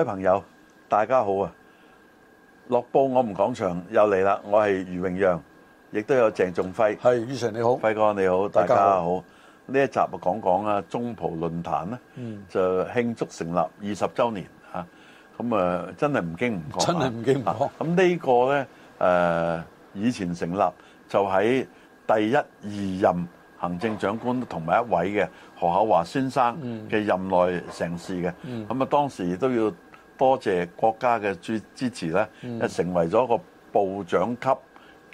各位朋友，大家好啊！樂布我唔講場又嚟啦，我係余榮耀，亦都有鄭仲輝。係，于 s 你好，輝哥你好，大家好。呢一集啊，講講啊，中葡論壇咧，就慶祝成立二十周年咁啊,啊，真係唔經唔講，真係唔經唔講。咁、啊、呢個咧，誒、啊，以前成立就喺第一二任行政長官同埋一位嘅何厚華先生嘅任內成事嘅。咁、嗯嗯、啊，當時都要。多謝國家嘅支支持咧，成為咗個部長級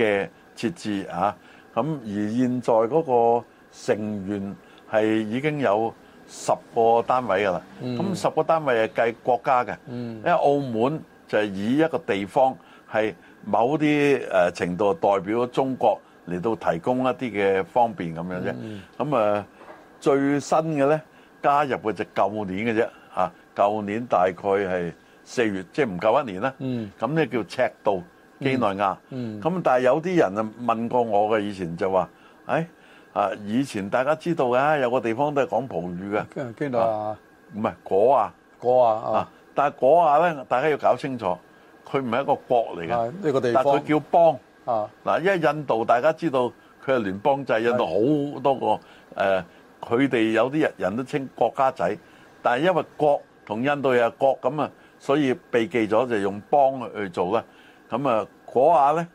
嘅設置啊！咁、嗯、而現在嗰個成員係已經有十個單位㗎啦，咁、嗯、十個單位係計國家嘅，嗯、因為澳門就係以一個地方係某啲誒程度代表中國嚟到提供一啲嘅方便咁樣啫。咁啊，最新嘅咧加入嘅就舊年嘅啫嚇。舊年大概係四月，即係唔夠一年啦。咁、嗯、呢叫赤道幾內亞。咁、嗯嗯、但係有啲人啊問過我嘅，以前就話：，誒啊，以前大家知道嘅，有個地方都係講葡語嘅。幾內亞唔係、啊、果，果亞，果亞。啊！但係果亞咧，大家要搞清楚，佢唔係一個國嚟嘅呢個地方，但佢叫邦啊。嗱，因為印度大家知道佢係聯邦制，印度好多個佢哋、呃、有啲人人都稱國家仔，但係因為國。同印度又國咁啊，所以避忌咗就用幫佢去做啦。咁啊，嗰下呢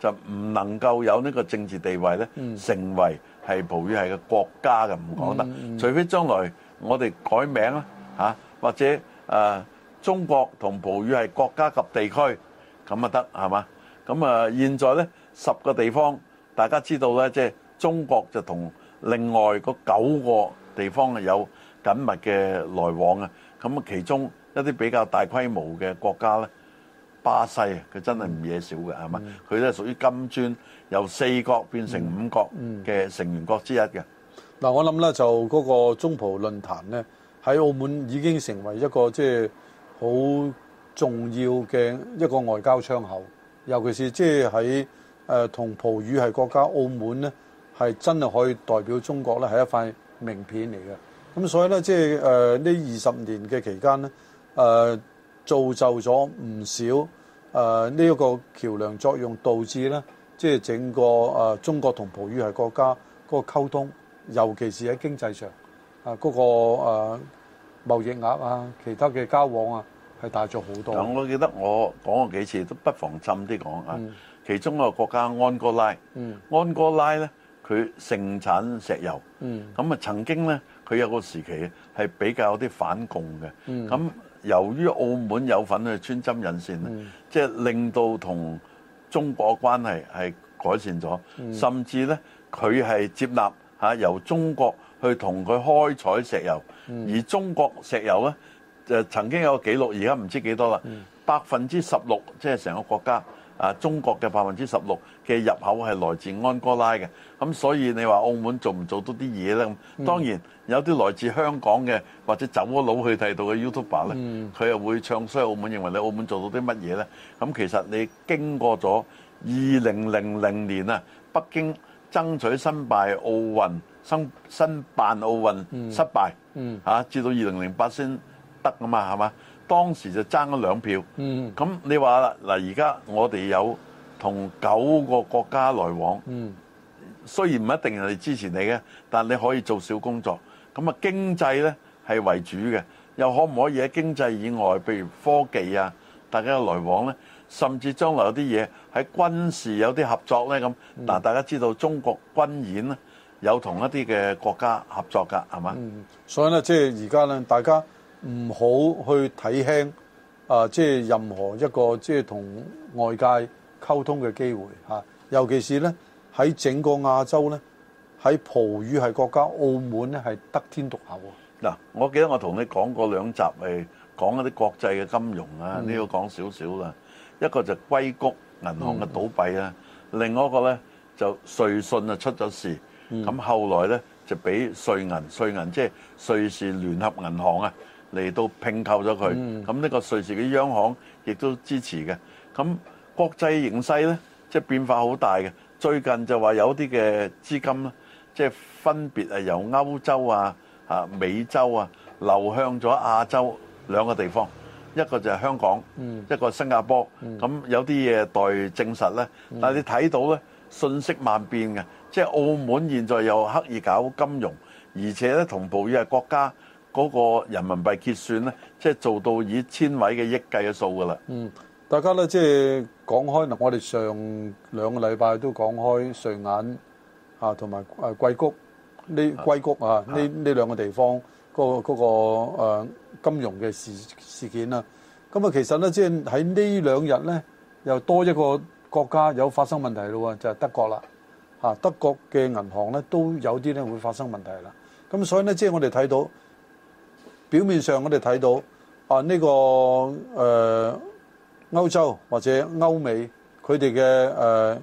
就唔能夠有呢個政治地位呢，成為係葡語系嘅國家嘅唔講得，除非將來我哋改名啦嚇，或者誒中國同葡語系國家及地區咁啊得係嘛？咁啊，現在呢十個地方大家知道呢，即係中國就同另外個九個地方係有緊密嘅來往啊。咁啊，其中一啲比較大規模嘅國家咧，巴西啊，佢真係唔惹少嘅，係嘛？佢咧屬於金磚由四國變成五國嘅成員國之一嘅，嗯。嗱、嗯，我諗咧就嗰個中葡論壇咧，喺澳門已經成為一個即係好重要嘅一個外交窗口，尤其是即係喺誒同葡語系國家澳門咧，係真係可以代表中國咧，係一塊名片嚟嘅。咁所以咧，即係誒呢二十年嘅期間咧，誒造就咗唔少誒呢一個橋梁作用，導致咧即係整個誒中國同葡語系國家嗰個溝通，尤其是喺經濟上啊嗰個誒貿易額啊，其他嘅交往啊，係大咗好多。咁，我記得我講過幾次，都不妨斟啲講啊。其中一個國家安哥拉，安哥拉咧，佢盛產石油。咁啊，曾經咧。佢有個時期係比較有啲反共嘅，咁、嗯、由於澳門有份去穿針引線，即係令到同中國關係係改善咗，嗯，甚至呢，佢係接納嚇、啊、由中國去同佢開採石油，嗯，而中國石油呢，就曾經有個記錄，而家唔知幾多啦，嗯，百分之十六即係成個國家。啊！中國嘅百分之十六嘅入口係來自安哥拉嘅，咁所以你話澳門做唔做到啲嘢呢？當、嗯、當然有啲來自香港嘅或者走咗佬去睇到嘅 YouTuber 呢，佢、嗯、又會唱衰澳門，認為你澳門做到啲乜嘢呢？咁其實你經過咗二零零零年啊，北京爭取申辦奧運申申辦奧運失敗，嚇、嗯嗯啊、至到二零零八先得啊嘛，係嘛？當時就爭咗兩票。咁、嗯、你話啦，嗱而家我哋有同九個國家來往。嗯、雖然唔一定人哋支持你嘅，但你可以做小工作。咁啊，經濟呢係為主嘅，又可唔可以喺經濟以外，譬如科技啊，大家嘅來往呢？甚至將來有啲嘢喺軍事有啲合作呢。咁。嗱、嗯，大家知道中國軍演呢，有同一啲嘅國家合作㗎，係嘛、嗯？所以呢，即係而家呢，大家。唔好去睇輕啊、呃！即係任何一個即係同外界溝通嘅機會，啊、尤其是呢，喺整個亞洲呢喺葡語系國家澳門呢係得天獨厚，嗱、啊，我記得我同你講過兩集，係講一啲國際嘅金融啊。呢、嗯、個講少少啦，一個就硅谷銀行嘅倒閉啊，嗯、另一個呢就瑞信啊出咗事，咁、嗯、後來呢，就俾瑞銀，瑞銀即係瑞士聯合銀行啊。嚟到拼購咗佢，咁、嗯、呢、這個瑞士嘅央行亦都支持嘅。咁國際形勢呢，即係變化好大嘅。最近就話有啲嘅資金呢，即係分別係由歐洲啊、啊美洲啊流向咗亞洲兩個地方，一個就係香港，嗯、一個新加坡。咁、嗯、有啲嘢待證實呢。嗯、但你睇到呢，瞬息萬變嘅。即係澳門現在又刻意搞金融，而且呢，同步於係國家。嗰個人民幣結算咧，即係做到以千位嘅億計嘅數噶啦。嗯，大家咧即係講開嗱，我哋上兩個禮拜都講開瑞銀啊，同埋誒硅谷呢硅谷啊，呢呢兩個地方嗰個嗰個誒金融嘅事事件啊。咁啊，其實咧即係喺呢兩日咧，又多一個國家有發生問題嘞喎，就係德國啦嚇。德國嘅銀行咧都有啲咧會發生問題啦。咁所以咧，即係我哋睇到。表面上我哋睇到啊呢、呢個誒、呃、歐洲或者歐美佢哋嘅誒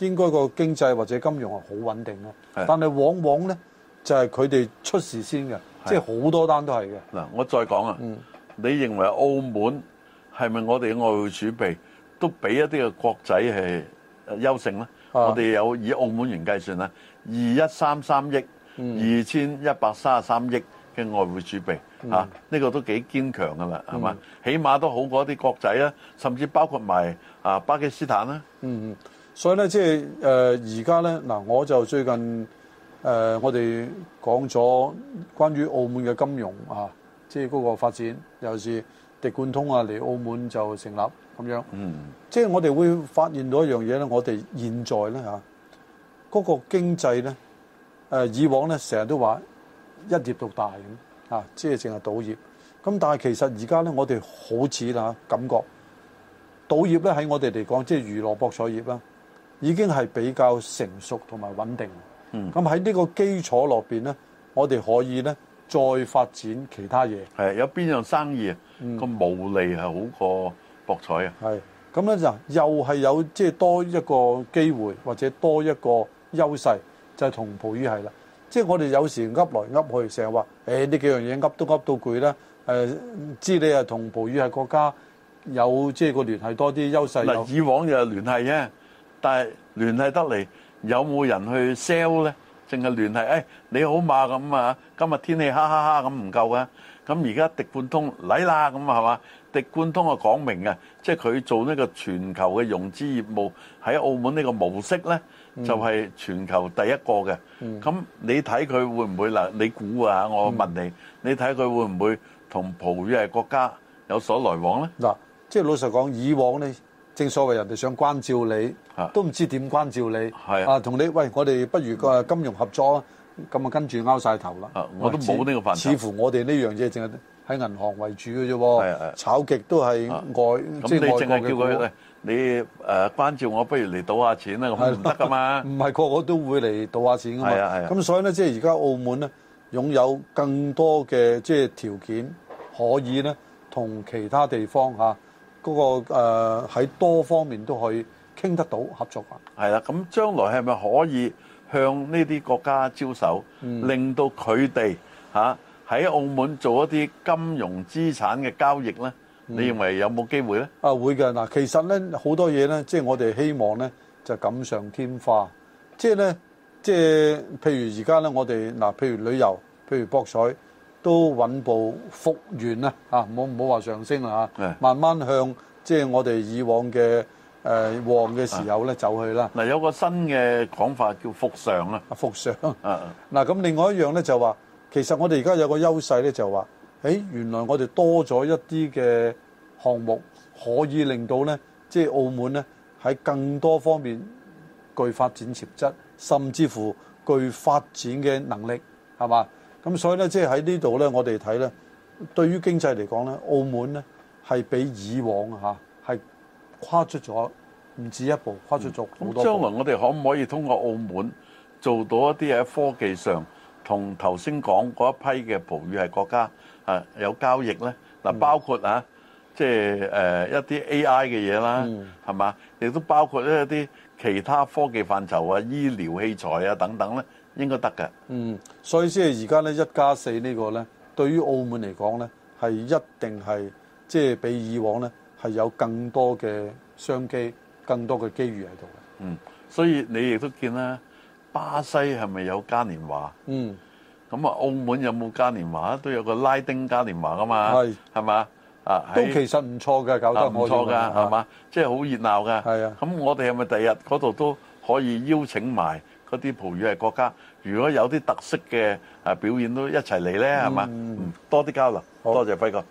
應該個經濟或者金融係好穩定，但係往往呢，就係佢哋出事先嘅，即係好多單都係嘅。嗱，我再講啊，嗯、你認為澳門係咪我哋嘅外匯儲備都比一啲嘅國仔係優勝呢？我哋有以澳門元計算啦，二一三三億，二千一百三十三億，嘅外匯儲備嚇，呢、嗯啊這個都幾堅強噶啦，係、嗯、嘛？起碼都好過一啲國仔啦，甚至包括埋啊巴基斯坦啦、啊。嗯，所以咧、就是，即係誒而家咧嗱，我就最近誒、呃、我哋講咗關於澳門嘅金融啊，即係嗰個發展尤其是地貫通啊，嚟澳門就成立咁樣。嗯，即、就、係、是、我哋會發現到一樣嘢咧，我哋現在咧嚇嗰個經濟咧誒、呃，以往咧成日都話。一業獨大咁啊，即係淨係賭業。咁但係其實而家咧，我哋好似啦感覺，賭業咧喺我哋嚟講，即係娛樂博彩業啦，已經係比較成熟同埋穩定。咁喺呢個基礎落邊咧，我哋可以咧再發展其他嘢。係有邊樣生意個毛、嗯、利係好過博彩啊？係。咁咧就又係有即係多一個機會或者多一個優勢，就係、是、同葡語係啦。即係我哋有時噏來噏去，成日話誒呢幾樣嘢噏都噏到攰啦。誒，知你啊同葡語系國家有即係個聯繫多啲優勢。嗱，以往又係聯繫啫，但係聯繫得嚟有冇人去 sell 咧？淨係聯繫誒你好嘛咁啊！今日天氣哈哈哈咁唔夠啊！咁而家迪冠通嚟啦咁啊係嘛？迪冠通啊講明啊，即係佢做呢個全球嘅融資業務喺澳門呢個模式咧。就係全球第一個嘅，咁你睇佢會唔會嗱？你估啊吓！我問你，你睇佢會唔會同葡語系國家有所來往咧？嗱，即係老實講，以往咧，正所謂人哋想關照你，都唔知點關照你。係啊，同你喂，我哋不如誒金融合作啊，咁啊跟住拗曬頭啦。我都冇呢個份。似乎我哋呢樣嘢淨係，喺銀行為主嘅啫喎，炒極都係外即係外國嘅股。咁你淨係叫佢喂你誒關照我，不如嚟賭下錢啊！咁唔得噶嘛。唔係個個都會嚟賭下錢噶嘛。係啊係啊。咁所以咧，即係而家澳門咧，擁有更多嘅即係條件，可以咧同其他地方吓嗰個誒喺多方面都可以傾得到合作。係啦，咁將來係咪可以向呢啲國家招手，令到佢哋吓？喺澳門做一啲金融資產嘅交易咧，你認為有冇機會咧、嗯？啊，會㗎！嗱，其實咧好多嘢咧，即、就、係、是、我哋希望咧就錦上添花，即係咧即係譬如而家咧，我哋嗱，譬如旅遊，譬如博彩都穩步復原啦，嚇、啊，唔好唔好話上升啦嚇、啊，慢慢向即係、就是、我哋以往嘅誒旺嘅時候咧走去啦。嗱、啊，有個新嘅講法叫復上啊。復上。嗱，咁、啊、另外一樣咧就話。其實我哋而家有個優勢咧，就係話、欸，原來我哋多咗一啲嘅項目，可以令到咧，即係澳門咧喺更多方面具發展潛質，甚至乎具發展嘅能力，係嘛？咁所以咧，即係喺呢度咧，我哋睇咧，對於經濟嚟講咧，澳門咧係比以往吓係跨出咗唔止一步，跨出咗好多步。咁、嗯、將來我哋可唔可以通過澳門做到一啲喺科技上同頭先講嗰一批嘅葡語系國家啊有交易咧，嗱，包括啊，即係誒一啲 AI 嘅嘢啦，係嘛？亦都包括咧一啲其他科技範疇啊，醫療器材啊等等咧，應該得嘅。嗯，所以即係而家咧一加四呢個咧，對於澳門嚟講咧，係一定係即係比以往咧係有更多嘅商機、更多嘅機遇喺度嘅。嗯，所以你亦都見啦。巴西係咪有嘉年華？嗯，咁啊，澳門有冇嘉年華？都有個拉丁嘉年華噶嘛，係，係嘛？啊，都其實唔錯嘅，搞得唔錯㗎，係嘛？即係好熱鬧㗎。係啊，咁我哋係咪第日嗰度都可以邀請埋嗰啲葡語嘅國家，如果有啲特色嘅啊表演都一齊嚟咧，係嘛？嗯，多啲交流，多謝輝哥。